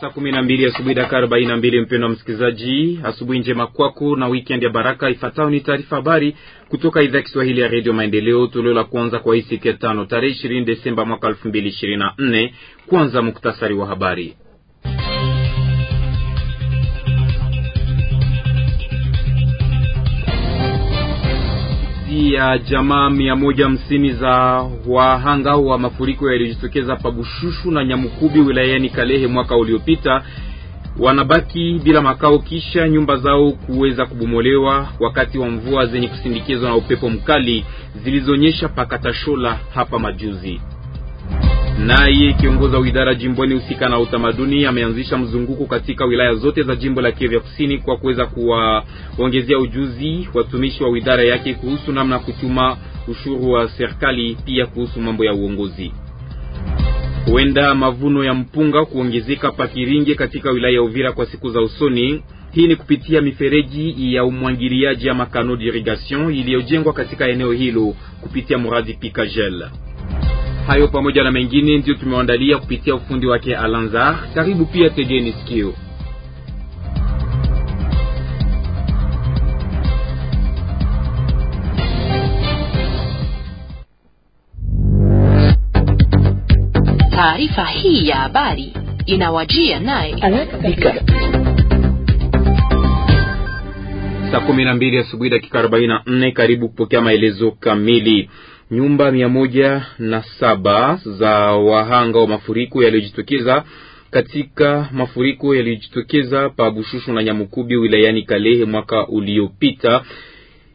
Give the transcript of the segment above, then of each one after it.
saa kumi na mbili asubuhi dakika arobaini na mbili wa msikilizaji, asubuhi njema kwako na wikend ya baraka. ifatao ni taarifa habari kutoka idhaa ya Kiswahili ya redio Maendeleo, toleo la kwanza kwa hii siku ya tano tarehe ishirini Desemba mwaka elfu mbili ishirini na nne. Kwanza muktasari wa habari. zaidi ya jamaa mia moja hamsini za wahanga wa mafuriko yaliyojitokeza Pabushushu na Nyamukubi wilayani Kalehe mwaka uliopita wanabaki bila makao kisha nyumba zao kuweza kubomolewa wakati wa mvua zenye kusindikizwa na upepo mkali zilizonyesha pakatashola hapa majuzi. Naye kiongoza wa idara jimboni husika na utamaduni ameanzisha mzunguko katika wilaya zote za jimbo la Kivu ya Kusini kwa kuweza kuwaongezea ujuzi watumishi wa idara yake kuhusu namna ya kutuma ushuru wa serikali, pia kuhusu mambo ya uongozi. Huenda mavuno ya mpunga kuongezeka Pakiringe katika wilaya ya Uvira kwa siku za usoni. Hii ni kupitia mifereji ya umwangiliaji ya makano d'irrigation iliyojengwa katika eneo hilo kupitia mradi Pikajel. Hayo pamoja na mengine ndiyo tumewaandalia kupitia ufundi wake Alanzar. Karibu pia, tegeni sikio. Taarifa hii ya habari inawajia naye saa kumi na mbili asubuhi dakika nne. Karibu kupokea maelezo kamili nyumba mia moja na saba za wahanga wa mafuriko yaliyojitokeza katika mafuriko yaliyojitokeza pa Bushushu na Nyamukubi wilayani Kalehe mwaka uliopita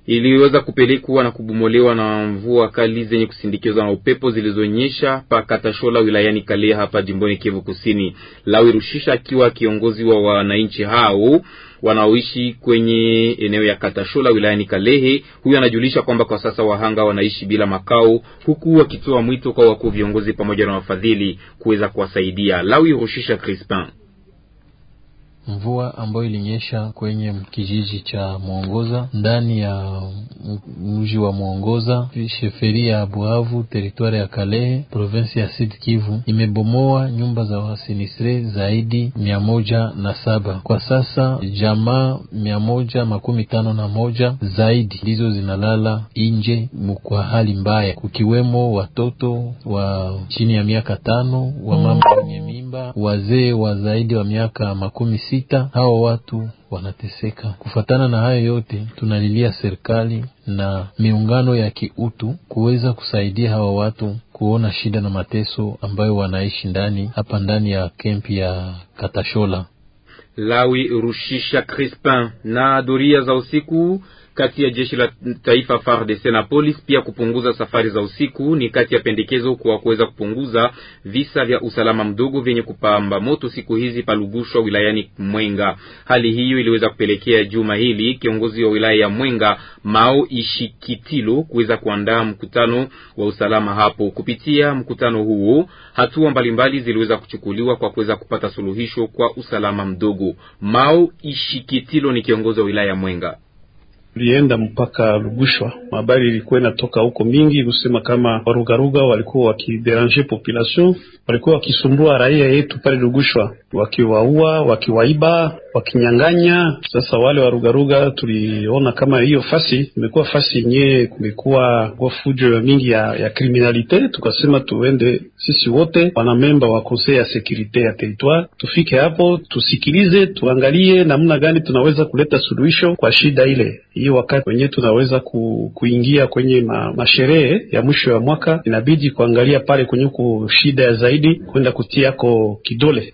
iliweza kupelekwa na kubomolewa na mvua kali zenye kusindikizwa na upepo zilizonyesha pa Katashola wilayani Kalehe hapa jimboni Kivu Kusini. Lawi Rushisha akiwa kiongozi wa wananchi hao wanaoishi kwenye eneo ya Katashola wilayani Kalehe. Huyu anajulisha kwamba kwa sasa wahanga wanaishi bila makao, huku wakitoa mwito kwa wakuu viongozi pamoja na wafadhili kuweza kuwasaidia. Lawi Rushisha Crispin mvua ambayo ilinyesha kwenye kijiji cha Mwongoza ndani ya mji wa Mwongoza, sheferi ya Buhavu, teritwari ya Kalehe, provinsi ya Sud Kivu, imebomoa nyumba za wasinistre zaidi mia moja na saba. Kwa sasa jamaa mia moja makumi tano na moja zaidi ndizo zinalala nje kwa hali mbaya, kukiwemo watoto wa chini ya miaka tano, wa wenye mimba kwamba wazee wa zaidi wa miaka makumi sita hao watu wanateseka. kufuatana na hayo yote, tunalilia serikali na miungano ya kiutu kuweza kusaidia hawa watu kuona shida na mateso ambayo wanaishi ndani hapa ndani ya kempi ya Katashola. Lawi Rushisha Crispin na doria za usiku kati ya jeshi la taifa FARDC na polisi, pia kupunguza safari za usiku ni kati ya pendekezo kwa kuweza kupunguza visa vya usalama mdogo vyenye kupamba moto siku hizi palugushwa wilayani Mwenga. Hali hiyo iliweza kupelekea juma hili kiongozi wa wilaya ya Mwenga Mao Ishikitilo kuweza kuandaa mkutano wa usalama hapo. Kupitia mkutano huo, hatua mbalimbali ziliweza kuchukuliwa kwa kuweza kupata suluhisho kwa usalama mdogo. Mao Ishikitilo ni kiongozi wa wilaya ya Mwenga tulienda mpaka Lugushwa, habari ilikuwa inatoka huko mingi kusema kama warugaruga walikuwa wakiderange population, walikuwa wakisumbua raia yetu pale Lugushwa, wakiwaua, wakiwaiba, wakinyang'anya. Sasa wale warugaruga tuliona kama hiyo fasi imekuwa fasi yenyewe kumekuwa fujo mingi ya, ya kriminalite, tukasema tuende sisi wote wanamemba wa conseil ya sekurite ya territoire tufike hapo tusikilize, tuangalie namna gani tunaweza kuleta suluhisho kwa shida ile hiyo wakati wenyewe tunaweza ku, kuingia kwenye ma, masherehe ya mwisho ya mwaka, inabidi kuangalia pale kwenye huku shida zaidi kwenda kutiako kidole.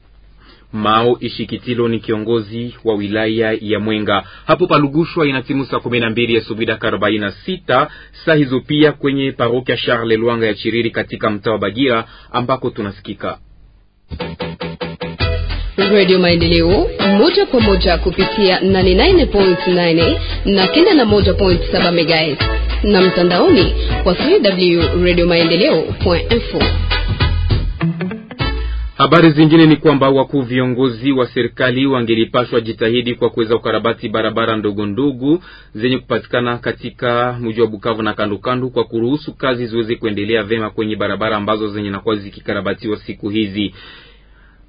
Mao Ishikitilo ni kiongozi wa wilaya ya Mwenga. Hapo palugushwa timu saa kumi na mbili asubuhi dakika arobaini na sita saa hizo pia kwenye parokia Charles Lwanga ya Chiriri katika mtaa wa Bagira ambako tunasikika Radio Maendeleo moja kwa moja kupitia 88.9 na 91.7 MHz na mtandaoni kwa www.radiomaendeleo.info. Habari zingine ni kwamba wakuu viongozi wa serikali wangelipashwa jitahidi kwa kuweza kukarabati barabara ndogo ndogo zenye kupatikana katika mji wa Bukavu na kando kando, kwa kuruhusu kazi ziweze kuendelea vema kwenye barabara ambazo zenye nakuwa zikikarabatiwa siku hizi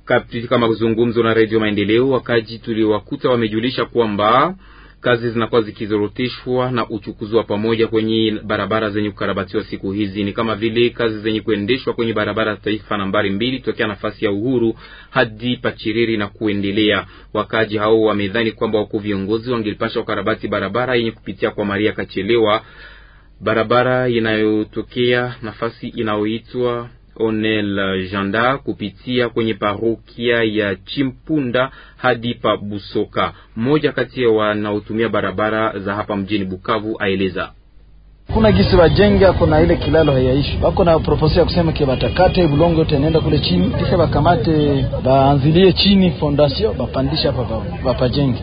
katika mazungumzo na Redio Maendeleo, wakaji tuliwakuta wamejulisha kwamba kazi zinakuwa zikizoroteshwa na uchukuzi wa pamoja kwenye barabara zenye kukarabatiwa siku hizi ni kama vile kazi zenye kuendeshwa kwenye barabara ya taifa nambari mbili tokea nafasi ya Uhuru hadi Pachiriri na kuendelea. Wakaji hao wamedhani kwamba wakuu viongozi wangelipasha ukarabati barabara yenye kupitia kwa Maria Kachelewa, barabara inayotokea nafasi inayoitwa Onel Janda kupitia kwenye parokia ya Chimpunda hadi pa Busoka. Mmoja kati ya wanaotumia barabara za hapa mjini Bukavu aeleza kuna gisi bajenga, kuna ile kilalo hayaishi, bako na proposi ya kusema ke batakate bulongo tenenda kule chini, kisha bakamate baanzilie chini fondation bapandisha hapa bapajenge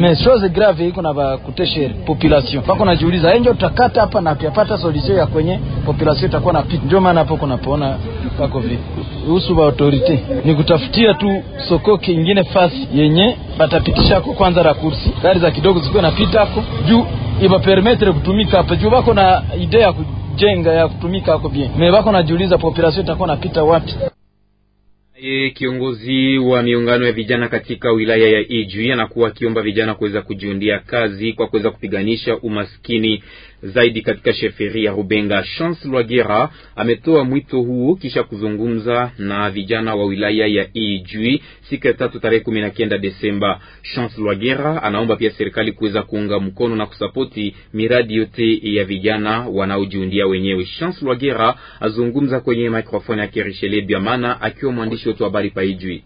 mais chose grave iko na bakuteshe population. Bako najiuliza enjo eh, utakata hapa na piapata pata solution ya kwenye population itakuwa na pit, ndio maana hapo kuna poona kako vipi? kuhusu ba autorite ni kutafutia tu soko kingine fasi yenye batapitishako kwanza kursi gari za kidogo zikiwa napita hako juu ibapermetre kutumika hapa juu bako na idea ya kujenga ya kutumika hako bien me bako najiuliza population itakuwa napita wapi? E, kiongozi wa miungano ya vijana katika wilaya ya ijui anakuwa akiomba vijana kuweza kujiundia kazi kwa kuweza kupiganisha umaskini zaidi katika sheferi ya Rubenga, Chance Lwagera ametoa mwito huo kisha kuzungumza na vijana wa wilaya ya ijui siku ya tatu tarehe kumi na kenda Desemba. Chance Lwagera anaomba pia serikali kuweza kuunga mkono na kusapoti miradi yote ya vijana wanaojiundia wenyewe. Chance Lwagera azungumza kwenye maikrofoni ya Kerishele Biamana akiwa mwandishi wetu wa habari pa ijui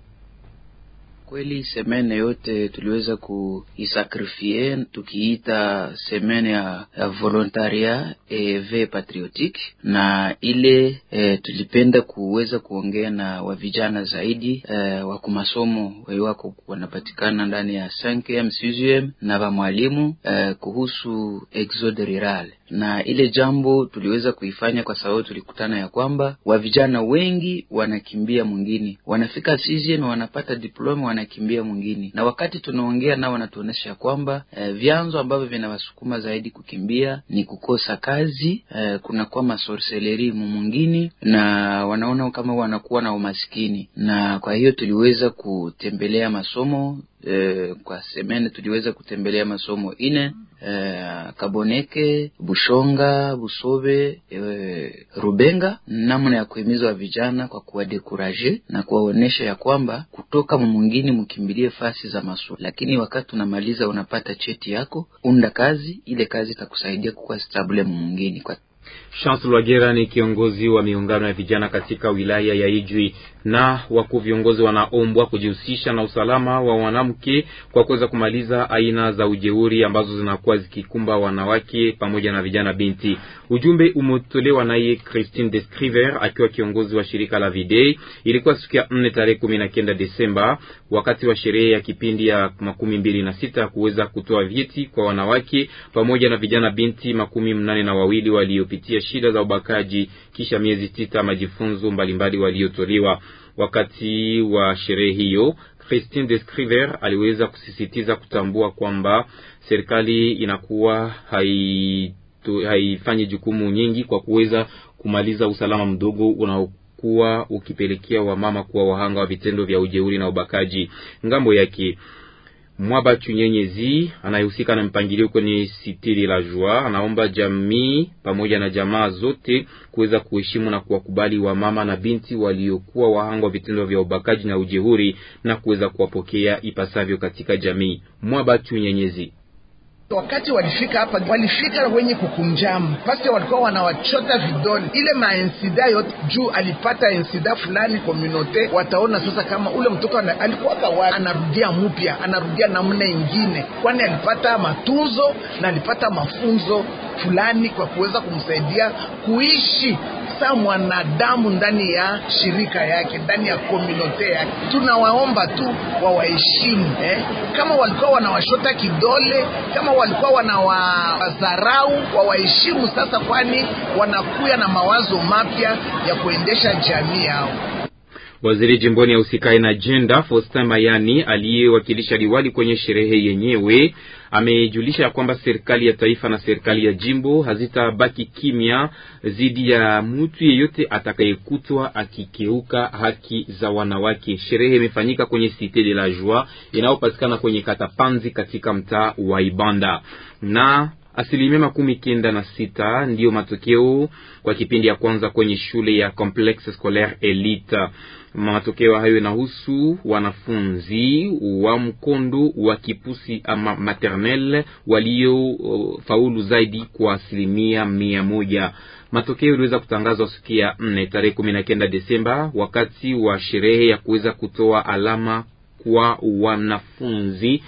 kweli semene yote tuliweza kuisakrifie tukiita semene ya, ya volontaria ev patriotique na ile e, tulipenda kuweza kuongea na wavijana zaidi e, eh, wako masomo waiwako wanapatikana ndani ya 5M m na wamwalimu e, eh, kuhusu exode rural na ile jambo tuliweza kuifanya kwa sababu tulikutana ya kwamba wavijana wengi wanakimbia mwingine wanafika m wanapata diploma wana wanakimbia mwingine, na wakati tunaongea nao wanatuonesha kwamba e, vyanzo ambavyo vinawasukuma zaidi kukimbia ni kukosa kazi eh, kunakuwa masorseleri mwingine, na wanaona kama wanakuwa na umaskini, na kwa hiyo tuliweza kutembelea masomo E, kwa semene tuliweza kutembelea masomo ine e, Kaboneke, Bushonga, Busobe, e, Rubenga, namna ya kuhimizwa vijana kwa kuwadekuraje na kuwaonesha ya kwamba kutoka mwingine mkimbilie fasi za masomo, lakini wakati unamaliza unapata cheti yako, unda kazi ile kazi itakusaidia kukuwa stable mwingine. Charles Lwagera ni kiongozi wa miungano ya vijana katika wilaya ya Ijwi na wakuu viongozi wanaombwa kujihusisha na usalama wa wanamke kwa kuweza kumaliza aina za ujeuri ambazo zinakuwa zikikumba wanawake pamoja na vijana binti. Ujumbe umetolewa naye Christine Descriver akiwa kiongozi wa shirika la Videi. Ilikuwa siku ya nne tarehe kumi na kenda Desemba wakati wa sherehe ya kipindi ya makumi mbili na sita kuweza kutoa vyeti kwa wanawake pamoja na vijana binti makumi mnane na wawili waliopitia shida za ubakaji kisha miezi sita majifunzo mbalimbali waliotolewa Wakati wa sherehe hiyo, Christine Descriver aliweza kusisitiza kutambua kwamba serikali inakuwa haifanyi hai jukumu nyingi kwa kuweza kumaliza usalama mdogo unao kuwa ukipelekea wamama kuwa wahanga wa vitendo vya ujeuri na ubakaji. Ngambo yake nyenyezi anayehusika na mpangilio kwenye sitiri la jua anaomba jamii pamoja na jamaa zote kuweza kuheshimu na kuwakubali wamama na binti waliokuwa wahanga wa vitendo vya ubakaji na ujehuri na kuweza kuwapokea ipasavyo katika jamii. nyenyezi Wakati walifika hapa walifika wenye kukunjama pasi, walikuwa wanawachota vidole ile mainsida yote juu, alipata insida fulani komunote. Wataona sasa kama ule mtoto alikuwa kawa anarudia mupya, anarudia namna ingine, kwani alipata matunzo na alipata mafunzo fulani kwa kuweza kumsaidia kuishi sa mwanadamu ndani ya shirika yake, ndani ya komunote yake. Tunawaomba tu wawaheshimu eh, kama walikuwa wanawashota kidole kama walikuwa wanawadharau wawaheshimu sasa, kwani wanakuya na mawazo mapya ya kuendesha jamii yao. Waziri jimboni ya usikai na jenda Faustin Mayani aliyewakilisha liwali kwenye sherehe yenyewe amejulisha ya kwamba serikali ya taifa na serikali ya jimbo hazitabaki kimya dhidi ya mtu yeyote atakayekutwa akikeuka haki za wanawake. Sherehe imefanyika kwenye Cite de la Joie inayopatikana kwenye kata Panzi katika mtaa wa Ibanda na asilimia makumi kenda na sita ndiyo matokeo kwa kipindi ya kwanza kwenye shule ya Complexe Scolaire Elite. Matokeo hayo inahusu wanafunzi wa mkondo wa kipusi ama walio waliofaulu zaidi kwa asilimia mia moja. Matokeo iliweza kutangazwa siku ya nne tarehe kumi na kenda Desemba wakati wa sherehe ya kuweza kutoa alama kwa wanafunzi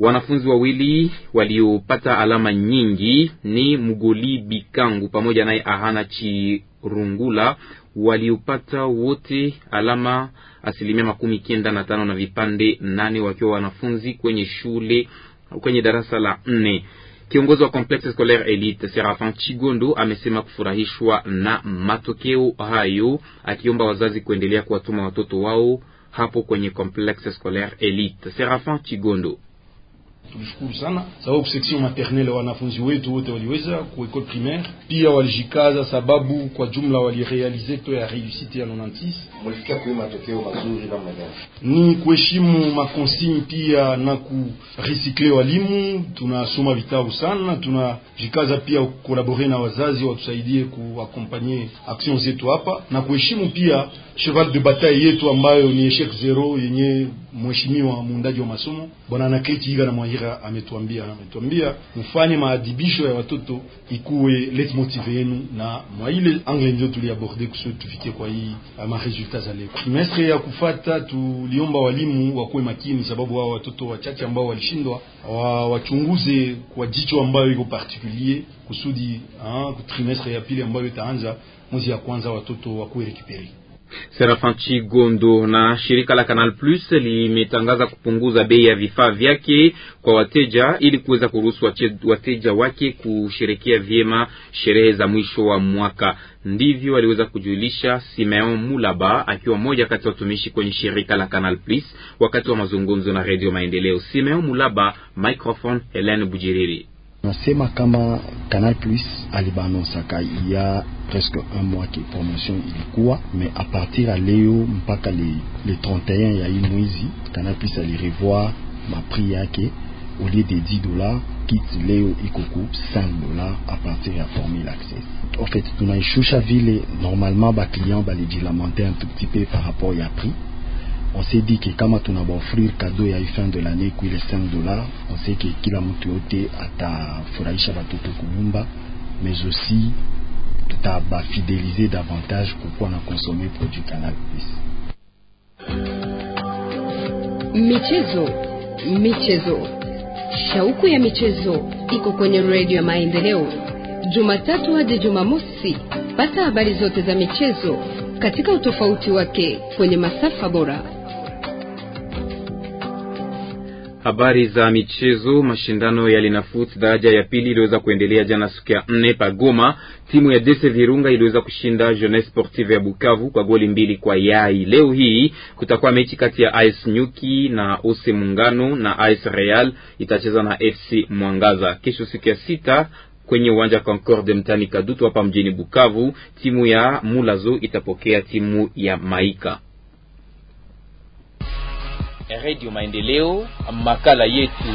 Wanafunzi wawili waliopata alama nyingi ni Mugoli Bikangu pamoja naye Ahana Chirungula waliopata wote alama asilimia makumi kenda na tano na vipande nane wakiwa wanafunzi kwenye shule kwenye darasa la nne. Kiongozi wa Complexe Scolaire Elite Serafin Chigondo amesema kufurahishwa na matokeo hayo, akiomba wazazi kuendelea kuwatuma watoto wao hapo kwenye Complexe Scolaire Elite. Serafin Chigondo Tunashukuru sana sababu section maternelle wanafunzi wetu wote waliweza ku école primaire, pia walijikaza sababu kwa jumla walirealize to ya réussite ya 96. Mlifikia kwa matokeo mazuri namna gani? Ni kuheshimu makonsigne pia na ku recycler walimu, tunasoma vitabu sana, tunajikaza pia kolabore na wazazi watusaidie ku accompagner action zetu hapa na kuheshimu pia cheval de bataille yetu ambayo ni Echec Zero yenye mheshimiwa muundaji wa masomo bwana Naketi Iga na Mwahiri Bwira ametuambia, ametuambia mfanye maadhibisho ya watoto ikuwe motive yenu, na mwa ile angle ndio tuliaborde kusudi tufikie kwa hii uh, ma resultats za leo. ya kufata tuliomba walimu wakuwe makini, sababu hao wa watoto wachache ambao walishindwa wa, wachunguze kwa jicho ambayo iko particulier kusudi ha, uh, trimestre ya pili ambayo itaanza mwezi ya kwanza watoto wakuwe rekiperi Serafanchi Gondo na shirika la Canal Plus limetangaza kupunguza bei ya vifaa vyake kwa wateja ili kuweza kuruhusu wateja wake kusherekea vyema sherehe za mwisho wa mwaka. Ndivyo aliweza kujulisha Simeon Mulaba akiwa mmoja kati ya watumishi kwenye shirika la Canal Plus wakati wa mazungumzo na Radio Maendeleo. Simeon Mulaba, microphone Helene Bujiriri. Nasema kama Canal Plus y a presque un mois ki promotion ilikuwa mais à partir à leo mpaka le, le 31 ya hii mwezi Canal Plus alirevoir prix yake au lieu de 10 dollars kiti leo ikoku 5 dollars à partir ya formule access. En fait tunaishusha vile normalement ba client balijilamante un tout petit peu par rapport ya prix on s'est dit que kama tunabaoffrir cadeau ya fin de l'année kuile 5 dollars on sait que kila mtu yote atafurahisha batoto kunyumba mais aussi tutabafidelize davantage kukuwa na consommer produit Canal Plus. Michezo, michezo, shauku ya michezo iko kwenye redio ya Maendeleo, Jumatatu hadi Jumamosi. Pata habari zote za michezo katika utofauti wake kwenye masafa bora. Habari za michezo. Mashindano ya Linafoot daraja ya pili iliweza kuendelea jana siku ya nne pagoma. Timu ya Dese Virunga iliweza kushinda Jeunesse Sportive ya Bukavu kwa goli mbili kwa yai. Leo hii kutakuwa mechi kati ya AS Nyuki na ose Muungano na AS Real itacheza na FC Mwangaza kesho siku ya sita kwenye uwanja wa Concorde mtani Kadutu hapa mjini Bukavu. Timu ya Mulazo itapokea timu ya Maika. Radio Maendeleo, makala yetu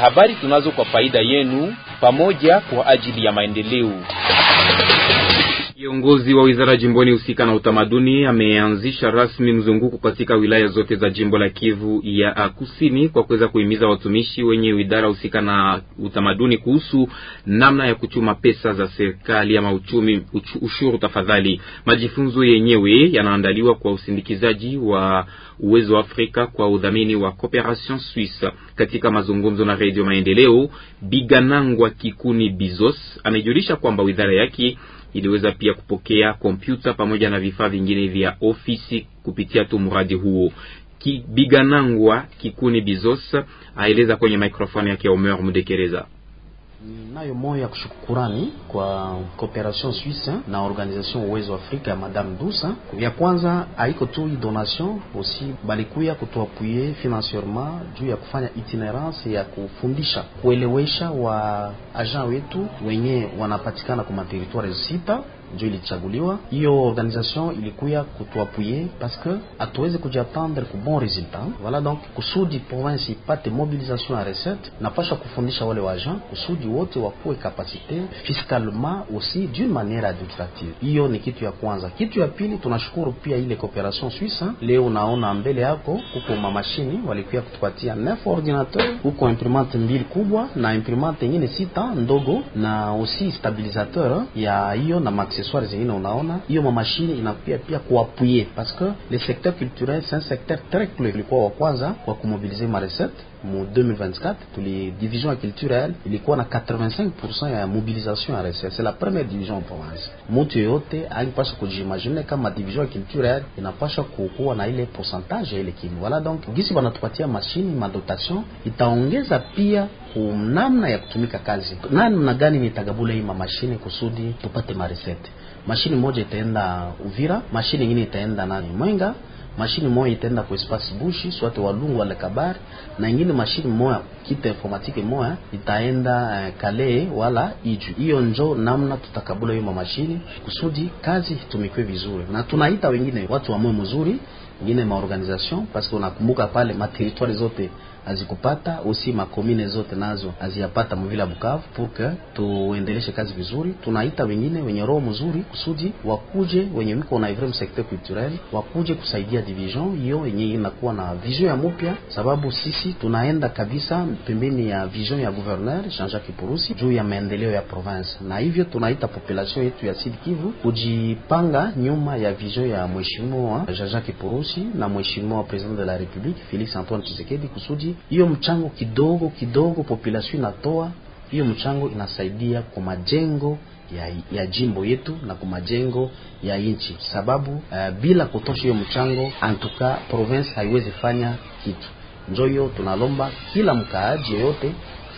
habari tunazo kwa faida yenu, pamoja kwa ajili ya maendeleo. Kiongozi wa wizara jimboni husika na utamaduni ameanzisha rasmi mzunguko katika wilaya zote za jimbo la Kivu ya Kusini kwa kuweza kuhimiza watumishi wenye idara husika na utamaduni kuhusu namna ya kuchuma pesa za serikali ama uchumi uchu, ushuru tafadhali. Majifunzo yenyewe yanaandaliwa kwa usindikizaji wa Uwezo wa Afrika kwa udhamini wa Cooperation Suisse. Katika mazungumzo na Radio Maendeleo, Biganangwa Kikuni Bizos amejulisha kwamba wizara yake iliweza pia kupokea kompyuta pamoja na vifaa vingine vya ofisi kupitia tu mradi huo. Kibiganangwa Kikuni Bizosa aeleza kwenye mikrofoni yake ya Omer Mudekereza. Ninayo moyo ya kushukurani kwa Cooperation Suisse na Organisation Uwezo Afrika, Madame Dusa. Ya kwanza haiko tu donation osi, balikuya kutuapuye financierement juu ya kufanya itinerance ya kufundisha kuelewesha wa agent wetu wenye wanapatikana kwa materitoire sita ndio ilichaguliwa hiyo organisation ilikuya kutuapuye parce que hatuwezi kujiattendre ku bon resultat. Voilà donc kusudi province ipate mobilisation ya recette, napasha kufundisha wale wajan kusudi wote wakuwe kapasite fiscalement aussi d'une manière administrative. Hiyo ni kitu ya kwanza. Kitu ya pili, tunashukuru pia ile cooperation suisse. Hein. Leo unaona mbele yako kuko mamashini walikuya kutupatia neuf ordinateur, huko imprimante mbili kubwa na imprimante nyingine sita ndogo, na aussi stabilisateur ya hiyo na maxi accessoires zingine, unaona hiyo mamashine inapia pia kuapuye, parce que le secteur culturel c'est un secteur très clé, ilikuwa wa kwanza kwa kumobilize recette mu 2024 division ya culturel ilikuwa na 85% ya mobilization ya RCS. La première division en province, mtu yoyote alipasha kujimagine kama division ya culturel inapasha kukuwa na ile pourcentage ya ile kimu. Voilà donc gisi banatupatia mashini madotation itaongeza pia kunamna ya kutumika kazi, namna gani nitagabula hii mamashini kusudi tupate maresete. mashine moja itaenda Uvira, mashine nyingine itaenda nani Mwenga mashini moya itaenda ku espace bushi swate walungu wale kabari na ingine mashini moya kita informatique moya itaenda uh, eh, kale wala iju. Hiyo njo namna tutakabula hiyo mamashini kusudi kazi itumikwe vizuri, na tunaita wengine watu wa moyo mzuri, wengine maorganisation, parce que unakumbuka pale materitoire zote azikupata usi makomine zote nazo aziyapata muvila Bukavu. Purke tuendeleshe kazi vizuri, tunaita wengine wenye roho mzuri kusudi wakuje, wenye wiko na ivre msekteur culturel wakuje kusaidia division hiyo yenye inakuwa na vision ya mupya, sababu sisi tunaenda kabisa pembeni ya vision ya gouverneur Jean-Jacques Purusi juu ya maendeleo ya province, na hivyo tunaita population yetu ya Sud Kivu kujipanga nyuma ya vision ya mheshimiwa Jean-Jacques Purusi na mheshimiwa president de la Republique Felix Antoine Tshisekedi kusudi hiyo mchango kidogo kidogo population inatoa, hiyo mchango inasaidia kwa majengo ya, ya jimbo yetu na kwa majengo ya nchi, sababu uh, bila kutosha hiyo mchango antuka province haiwezi fanya kitu. Njoyo tunalomba kila mkaaji yoyote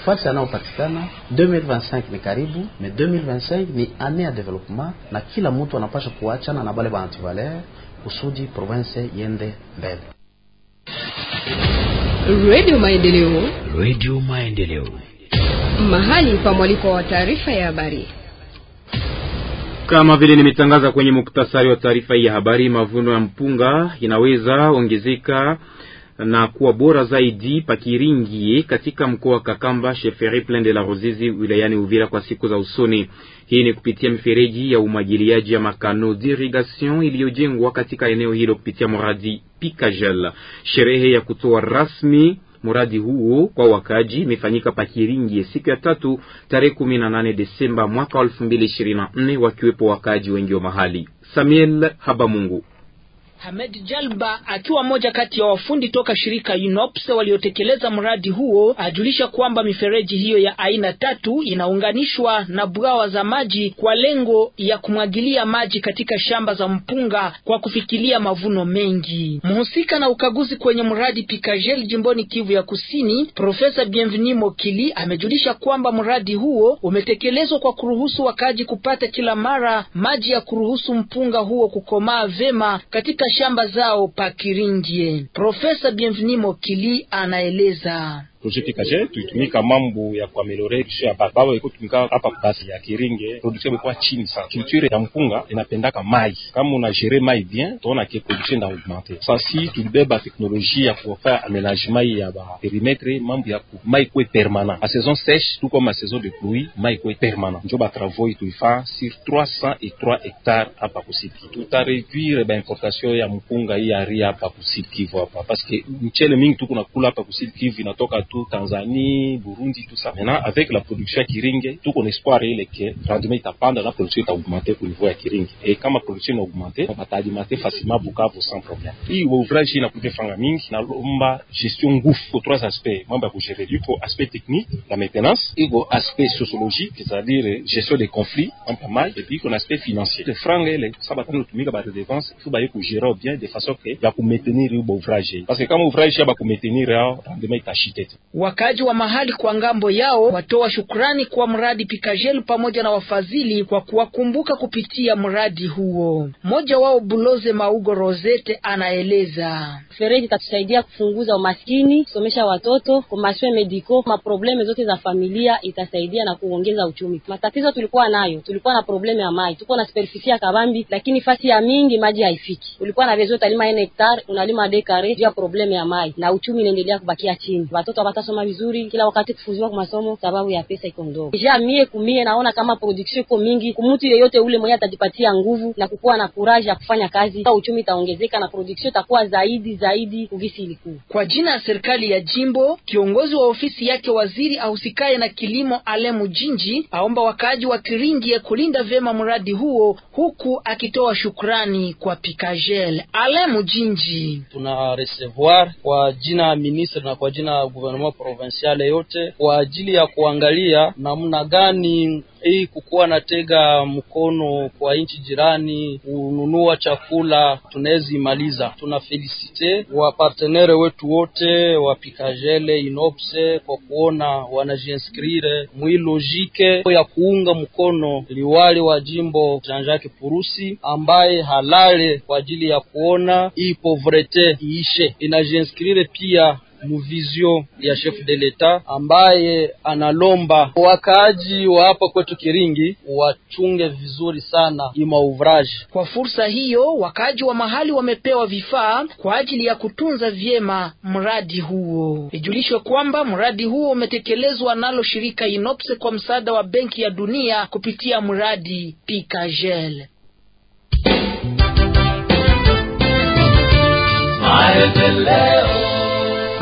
fasi anayopatikana 2025 ni karibu me 2025 ni ane ya development, na kila mtu anapasha kuachana na bale banantivaler kusudi province yende mbele. Radio Maendeleo, Radio Maendeleo, mahali pa mwaliko wa taarifa ya habari. Kama vile nimetangaza kwenye muktasari wa taarifa hii ya habari, mavuno ya mpunga inaweza ongezeka na kuwa bora zaidi pakiringie katika mkoa wa Kakamba, Sheferi Plaine de la Ruzizi, wilayani Uvira kwa siku za usoni. Hii ni kupitia mifereji ya umwagiliaji ya makano d'irrigation iliyojengwa katika eneo hilo kupitia mradi Pikajel. Sherehe ya kutoa rasmi mradi huo kwa wakaji imefanyika Pakiringi siku ya tatu tarehe 18 Desemba mwaka 2024, wakiwepo wakaji wengi wa mahali. Samuel Habamungu Hamed Jalba akiwa mmoja kati ya wafundi toka shirika UNOPS waliotekeleza mradi huo ajulisha kwamba mifereji hiyo ya aina tatu inaunganishwa na bwawa za maji kwa lengo ya kumwagilia maji katika shamba za mpunga kwa kufikilia mavuno mengi. Mhusika na ukaguzi kwenye mradi Pikajel jimboni Kivu ya Kusini, Profesa Bienvenu Mokili amejulisha kwamba mradi huo umetekelezwa kwa kuruhusu wakaji kupata kila mara maji ya kuruhusu mpunga huo kukomaa vema katika shamba zao pa Kiringie. Profesa Bienvenu Mokili anaeleza projet PKG tuitumika mambo ya kuamelore kisha ya baba iko tumika hapa basi ya Kiringe, production imekuwa chini sana. Culture ya mpunga inapendaka mai, kama una gérer mai bien, tuona ke production na augmenter sasa. Si tulibeba teknolojia ya kufanya aménagement ya ba perimetre, mambo ya ku mai kwe permanent a saison sèche tout comme a saison de pluie, mai kwe permanent njo ba travaux tuifa sur 303 hectares hapa kusiki, tuta réduire ba importation ya mpunga hii ya ria hapa kusiki hapa, parce que mchele mingi tuko nakula hapa kusiki inatoka Tanzanie, Burundi, tout ça. Maintenant, avec la production à Kiringe, tout na espoir ile le rendement itapanda la production augmentée au niveau à Kiringe. quand ma production on va t'alimenter facilement Bukavu sans problème. Hii ouvrage inakuja fanga mingi na lomba gestion de pour trois aspects, mambo gérer du yuko aspect technique la maintenance, et aspect sociologique, c'est-à-dire euh, gestion des conflits, pas mal, et puis qu'on aspect financier. Le franc ile sababu tunatumika ba défense, il faut baye kujere bien de façon que ya ku maintenir l'ouvrage. Parce que kama ouvrage ya ba ku maintenir rendement itashite. wakaji wa mahali kwa ngambo yao watoa shukrani kwa mradi Pikajel pamoja na wafadhili kwa kuwakumbuka kupitia mradi huo. Mmoja wao Buloze Maugo Rosete anaeleza: fereji itatusaidia kupunguza umaskini, kusomesha watoto komaswe mediko, maprobleme zote za familia itasaidia na kuongeza uchumi. Matatizo tulikuwa nayo, tulikuwa na probleme ya maji, tuko na ya kabambi, lakini fasi ya mingi maji haifiki. Ulikuwa na vezo utalima ene unalima dekare juu ya probleme ya maji, na uchumi inaendelea kubakia chini, watoto watasoma vizuri kila wakati kufuziwa kwa masomo sababu ya pesa iko ndogo. Ja mie kumie naona kama production iko mingi, kumtu yeyote ule mwenye atajipatia nguvu na kukuwa na courage ya kufanya kazi, uchumi itaongezeka na production itakuwa zaidi zaidi kugisi ilikuwa. Kwa jina ya serikali ya jimbo, kiongozi wa ofisi yake waziri ahusikaye na kilimo Alemu Jinji aomba wakaaji wa Kiringi ya kulinda vyema mradi huo, huku akitoa shukrani kwa Pikajel. Alemu Jinji: tuna reservoir kwa jina ministre na kwa jina gouvernement gouvernement provinciale yote kwa ajili ya kuangalia namna gani hii kukuwa na tega mkono kwa nchi jirani kununua chakula tunaweza imaliza. Tuna felisite wa wetu wote wa Pikajele Inopse kwa kuona wanajiinskrire mwi logike ya kuunga mkono liwali wa jimbo Jean Jacques Purusi ambaye halale kwa ajili ya kuona hii povrete iishe. inajiinskrire pia muvizio ya chef de l'etat ambaye analomba wakaaji wa hapa kwetu Kiringi wachunge vizuri sana imauvraji. Kwa fursa hiyo, wakaaji wa mahali wamepewa vifaa kwa ajili ya kutunza vyema mradi huo. Ijulishwe kwamba mradi huo umetekelezwa nalo shirika Inopse kwa msaada wa Benki ya Dunia kupitia mradi Pikajel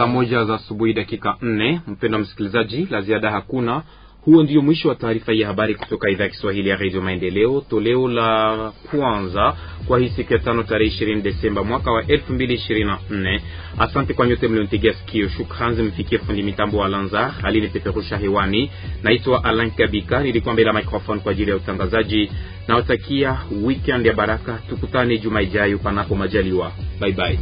saa moja za asubuhi dakika nne. mpendo msikilizaji, la ziada hakuna. Huo ndio mwisho wa taarifa ya habari kutoka idhaa ya Kiswahili ya redio Maendeleo, toleo la kwanza kwa hii siku ya tano tarehe ishirini Desemba mwaka wa elfu mbili ishirini na nne Asante kwa nyote mliontegea sikio. shukran zimfikie fundi mitambo wa Lanza alinipeperusha hewani. Naitwa Alan Kabika, nilikuwa mbele ya microfone kwa ajili ya utangazaji. Nawatakia weekend ya baraka, tukutane juma ijayo panapo majaliwa. Bye bye.